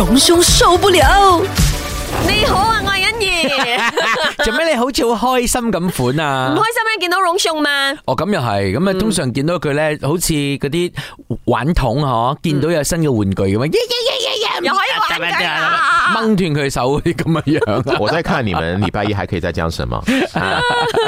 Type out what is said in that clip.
榮兄受不了，你好啊，愛欣怡。做咩 你好似好開心咁款啊？唔開心咩？啊？見到榮兄嘛？哦，咁又係，咁啊，通常見到佢咧，好似嗰啲玩筒嗬，見到有新嘅玩具咁、嗯、樣，又可以玩嘅吓、啊，掹斷佢手啲咁嘅樣。 我在看你們禮拜一還可以再講什麼。